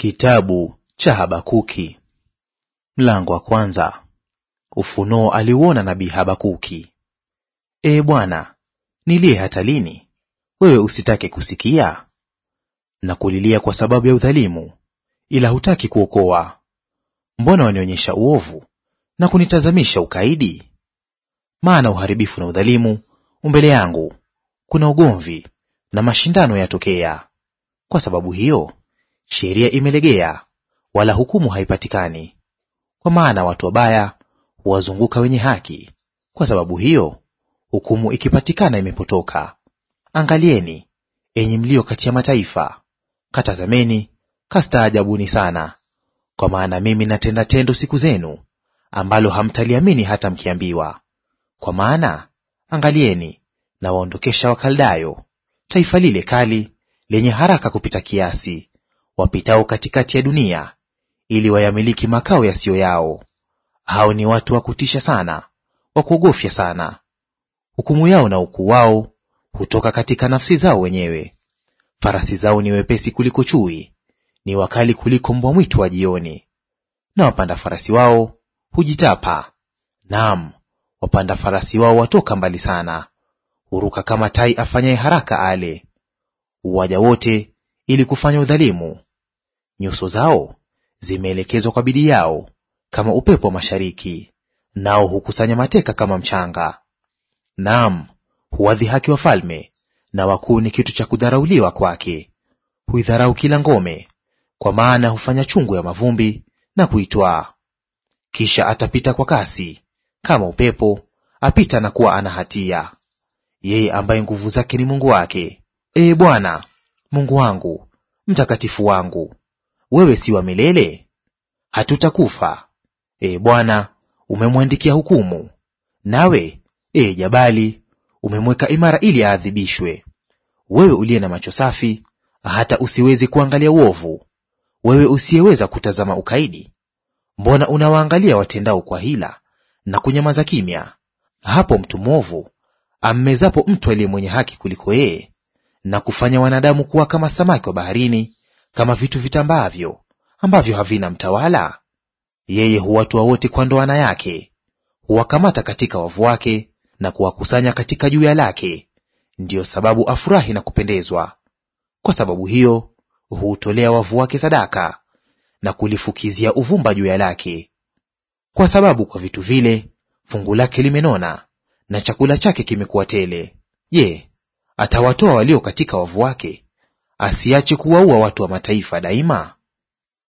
Kitabu cha Habakuki mlango wa kwanza. Ufunuo aliuona nabii Habakuki. Ee Bwana, nilie hata lini? Wewe usitake kusikia? Na kulilia kwa sababu ya udhalimu, ila hutaki kuokoa. Mbona wanionyesha uovu na kunitazamisha ukaidi? Maana uharibifu na udhalimu umbele yangu, kuna ugomvi na mashindano yatokea. Kwa sababu hiyo sheria imelegea, wala hukumu haipatikani. Kwa maana watu wabaya huwazunguka wenye haki, kwa sababu hiyo hukumu ikipatikana imepotoka. Angalieni, enyi mlio kati ya mataifa, katazameni, kastaajabuni sana, kwa maana mimi natenda tendo siku zenu ambalo hamtaliamini hata mkiambiwa. Kwa maana angalieni, nawaondokesha Wakaldayo, taifa lile kali lenye haraka kupita kiasi, wapitao katikati ya dunia ili wayamiliki makao yasiyo yao. Hao ni watu wa kutisha sana, wa kuogofya sana. Hukumu yao na ukuu wao hutoka katika nafsi zao wenyewe. Farasi zao ni wepesi kuliko chui, ni wakali kuliko mbwa mwitu wa jioni. Na wapanda farasi wao hujitapa, naam, wapanda farasi wao watoka mbali sana, huruka kama tai afanyaye haraka ale. Uwaja wote ili kufanya udhalimu, nyuso zao zimeelekezwa kwa bidii yao kama upepo wa mashariki, nao hukusanya mateka kama mchanga. Naam, huwadhihaki wafalme, na wakuu ni kitu cha kudharauliwa kwake. Huidharau kila ngome, kwa maana hufanya chungu ya mavumbi na kuitwaa. Kisha atapita kwa kasi kama upepo, apita na kuwa ana hatia. Yeye ambaye nguvu zake ni Mungu wake, Ee Bwana Mungu wangu, mtakatifu wangu wewe si wa milele? Hatutakufa. Ee Bwana, umemwandikia hukumu, nawe ee jabali, umemweka imara ili aadhibishwe. Wewe uliye na macho safi, hata usiwezi kuangalia uovu, wewe usiyeweza kutazama ukaidi, mbona unawaangalia watendao kwa hila na kunyamaza kimya, hapo mtu mwovu ammezapo mtu aliye mwenye haki kuliko yeye, na kufanya wanadamu kuwa kama samaki wa baharini kama vitu vitambaavyo ambavyo havina mtawala? Yeye huwatoa wote kwa ndoana yake, huwakamata katika wavu wake na kuwakusanya katika juya lake. Ndiyo sababu afurahi na kupendezwa. Kwa sababu hiyo huutolea wavu wake sadaka na kulifukizia uvumba juya lake. Kwa sababu kwa vitu vile fungu lake limenona na chakula chake kimekuwa tele. Je, atawatoa walio katika wavu wake asiache kuwaua watu wa mataifa daima?